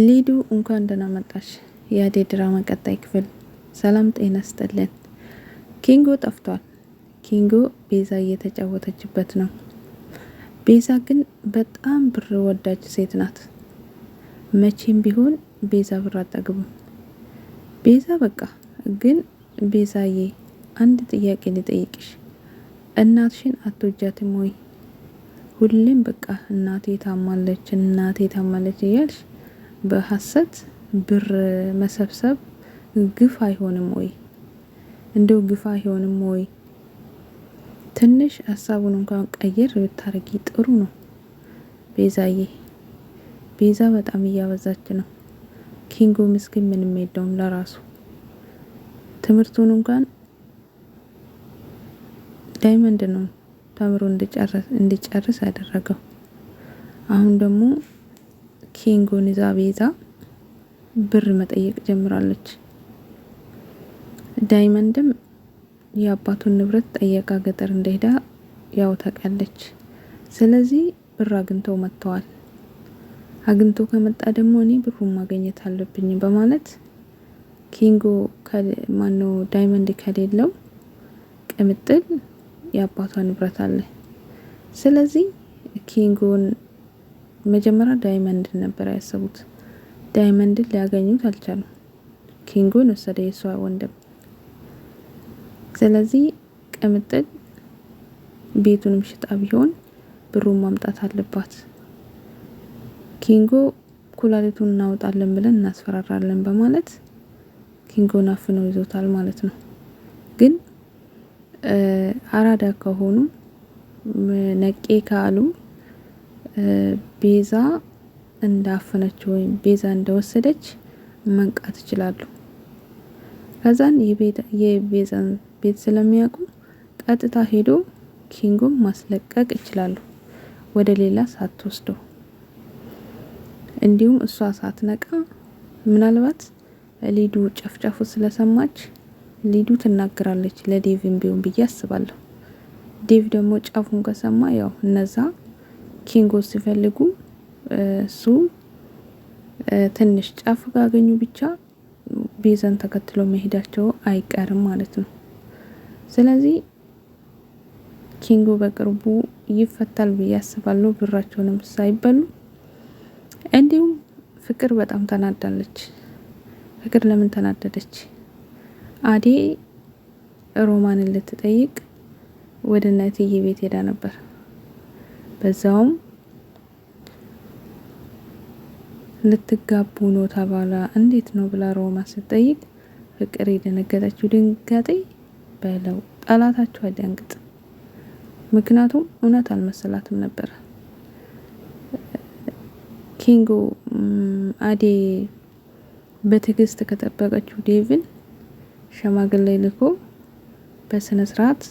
ሊዱ እንኳን ደህና መጣሽ። የአዴ ድራማ ቀጣይ ክፍል። ሰላም ጤና ስጠለን። ኪንጎ ጠፍቷል። ኪንጎ ቤዛ እየተጫወተችበት ነው። ቤዛ ግን በጣም ብር ወዳጅ ሴት ናት። መቼም ቢሆን ቤዛ ብር አጠግቡም። ቤዛ በቃ ግን ቤዛዬ፣ አንድ ጥያቄ ልጠይቅሽ። እናትሽን አትወጃትም ወይ? ሁሌም በቃ እናቴ ታማለች፣ እናቴ ታማለች እያልሽ በሀሰት ብር መሰብሰብ ግፍ አይሆንም ወይ? እንደው ግፍ አይሆንም ወይ? ትንሽ ሀሳቡን እንኳን ቀየር ብታረጊ ጥሩ ነው። ቤዛዬ ቤዛ በጣም እያበዛች ነው። ኪንጎ ምስኪን ምንም የለውም ለራሱ ትምህርቱን እንኳን ዳይመንድ ነው ተምሮ እንዲጨርስ ያደረገው። አሁን ደግሞ ኪንጉን ይዛ ቤዛ ብር መጠየቅ ጀምራለች። ዳይመንድም የአባቱን ንብረት ጠየቃ ገጠር እንደሄዳ ያው ታውቃለች። ስለዚህ ብር አግኝተው መጥተዋል። አግኝቶ ከመጣ ደግሞ እኔ ብሩን ማገኘት አለብኝ በማለት ኪንጎ ማኖ ዳይመንድ ከሌለው ቅምጥል የአባቷ ንብረት አለ። ስለዚህ ኪንጎን መጀመሪያ ዳይመንድን ነበር ያሰቡት። ዳይመንድን ሊያገኙት አልቻሉም። ኪንጉን ወሰደ የሷ ወንድም። ስለዚህ ቅምጥል ቤቱንም ሽጣ ቢሆን ብሩን ማምጣት አለባት። ኪንጎ ኩላሊቱን እናወጣለን ብለን እናስፈራራለን በማለት ኪንጎን አፍኖ ይዞታል ማለት ነው። ግን አራዳ ከሆኑ ነቄ ካሉ ቤዛ እንዳፈነች ወይም ቤዛ እንደወሰደች መንቃት ይችላሉ። ከዛን የቤዛን ቤት ስለሚያውቁ ቀጥታ ሄዶ ኪንጉን ማስለቀቅ ይችላሉ፣ ወደ ሌላ ሳትወስደው። እንዲሁም እሷ ሳትነቃ ምናልባት ሊዱ ጨፍጨፉ ስለሰማች ሊዱ ትናገራለች ለዴቭም ቢሆን ብዬ አስባለሁ። ዴቭ ደግሞ ጫፉን ከሰማ ያው እነዛ ኪንጎ ሲፈልጉ እሱ ትንሽ ጫፍ ካገኙ ብቻ ቤዛን ተከትሎ መሄዳቸው አይቀርም ማለት ነው። ስለዚህ ኪንጎ በቅርቡ ይፈታል ብዬ አስባለሁ። ብራቸውንም ሳይበሉ እንዲሁም ፍቅር በጣም ተናዳለች። ፍቅር ለምን ተናደደች? አዴ ሮማንን ልትጠይቅ ወደ እነትዬ ቤት ሄዳ ነበር። በዛውም ልትጋቡ ነው ተባላ እንዴት ነው ብላ ሮማ ስትጠይቅ ፍቅር የደነገጠችው ድንጋጤ በለው ጠላታቸው አደንግጥ። ምክንያቱም እውነት አልመሰላትም ነበር። ኪንጎ አዴ በትዕግስት ከጠበቀችው ዴቪን ሸማግሌ ልኮ በስነ ስርዓት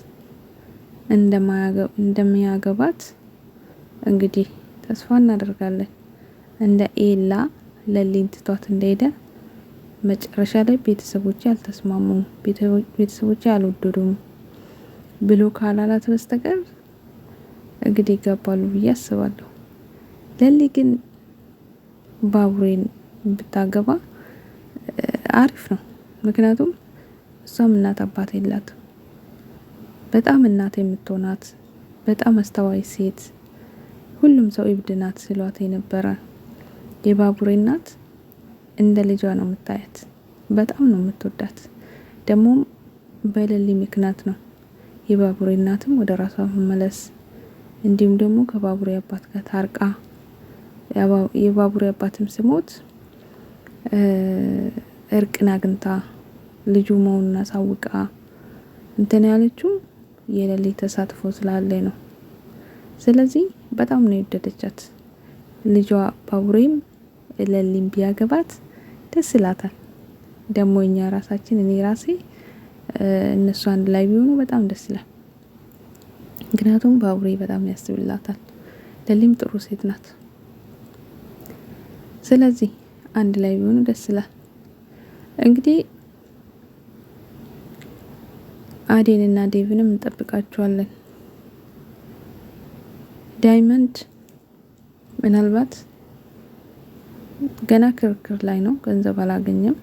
እንደማያገባት እንግዲህ ተስፋ እናደርጋለን እንደ ኤላ ለሊን ትቷት እንደሄደ መጨረሻ ላይ ቤተሰቦች አልተስማሙም፣ ቤተሰቦች አልወደዱም ብሎ ካላላት በስተቀር እንግዲህ ይጋባሉ ብዬ አስባለሁ። ለሊ ግን ባቡሬን ብታገባ አሪፍ ነው። ምክንያቱም እሷም እናት አባት የላት። በጣም እናት የምትሆናት በጣም አስተዋይ ሴት ሁሉም ሰው እብድ ናት ስሏት የነበረ የባቡሬ እናት እንደ ልጇ ነው የምታያት። በጣም ነው የምትወዳት። ደግሞም በሌሊ ምክንያት ነው የባቡሬ እናትም ወደ ራሷ መመለስ እንዲሁም ደግሞ ከባቡሬ አባት ጋር ታርቃ የባቡሬ አባትም ስሞት እርቅን አግኝታ ልጁ መሆኑን አሳውቃ እንትን ያለችው የሌሊ ተሳትፎ ስላለ ነው። ስለዚህ በጣም ነው የወደደቻት። ልጇ ባቡሬም ለሊም ቢያገባት ደስ ይላታል። ደግሞ እኛ ራሳችን እኔ ራሴ እነሱ አንድ ላይ ቢሆኑ በጣም ደስ ይላል። ምክንያቱም ባቡሬ በጣም ያስብላታል። ለሊም ጥሩ ሴት ናት። ስለዚህ አንድ ላይ ቢሆኑ ደስ ይላል። እንግዲህ አዴንና ዴቪንም እንጠብቃቸዋለን። ዳይመንድ ምናልባት ገና ክርክር ላይ ነው፣ ገንዘብ አላገኘም።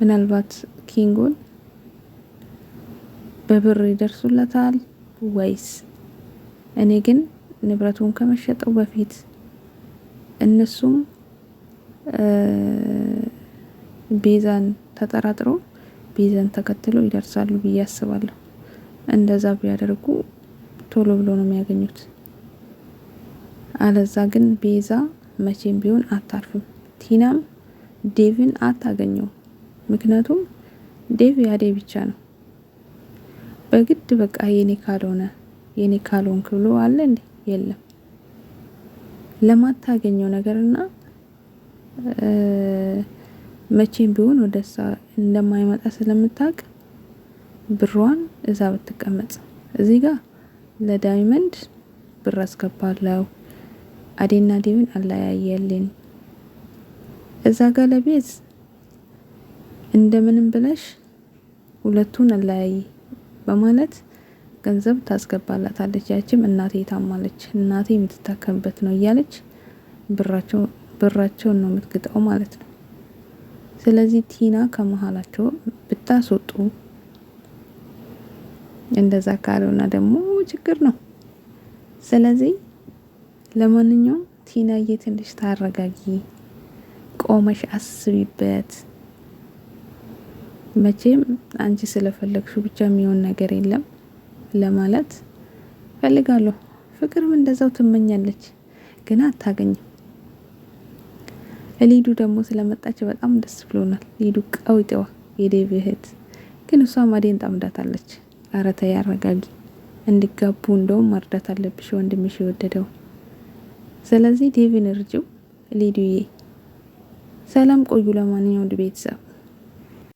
ምናልባት ኪንጉን በብር ይደርሱለታል ወይስ እኔ ግን ንብረቱን ከመሸጠው በፊት እነሱም ቤዛን ተጠራጥሮ ቤዛን ተከትሎ ይደርሳሉ ብዬ አስባለሁ። እንደዛ ቢያደርጉ ቶሎ ብሎ ነው የሚያገኙት። አለዛ ግን ቤዛ መቼም ቢሆን አታርፍም። ቲናም ዴቭን አታገኘው። ምክንያቱም ዴቭ ያዴ ብቻ ነው። በግድ በቃ የኔ ካልሆነ የኔ ካልሆን ክብሎ አለ እንዴ? የለም ለማታገኘው ነገርና መቼም ቢሆን ወደሳ እንደማይመጣ ስለምታውቅ ብሯን እዛ ብትቀመጽ እዚህ ጋር ለዳይመንድ ብር አስገባለው አዴና ዲብን አለያየልን። እዛ ጋ ለቤዝ እንደምንም ብለሽ ሁለቱን አላያይ በማለት ገንዘብ ታስገባላታለች። ያችም እናቴ ታማለች፣ እናቴ የምትታከምበት ነው እያለች ብራቸው ብራቸውን ነው የምትግጠው ማለት ነው። ስለዚህ ቲና ከመሀላቸው ብታስወጡ፣ እንደዛ ካልሆነ ደግሞ ችግር ነው። ስለዚህ ለማንኛውም ቲናዬ ትንሽ ታረጋጊ፣ ቆመሽ አስቢበት። መቼም አንቺ ስለፈለግሹ ብቻ የሚሆን ነገር የለም ለማለት ፈልጋለሁ። ፍቅርም እንደዛው ትመኛለች፣ ግን አታገኝም። ሊዱ ደግሞ ስለመጣች በጣም ደስ ብሎናል። ሊዱ ቀውጤዋ የዴቭ እህት ግን እሷ ማዴን ጣምዳታለች። አረተ ያረጋጊ፣ እንዲጋቡ እንደውም መርዳት አለብሽ ወንድምሽ የወደደው ስለዚህ ዴቪን እርጅው ሊዱዬ ሰላም ቆዩ። ለማንኛውም ውድ ቤተሰብ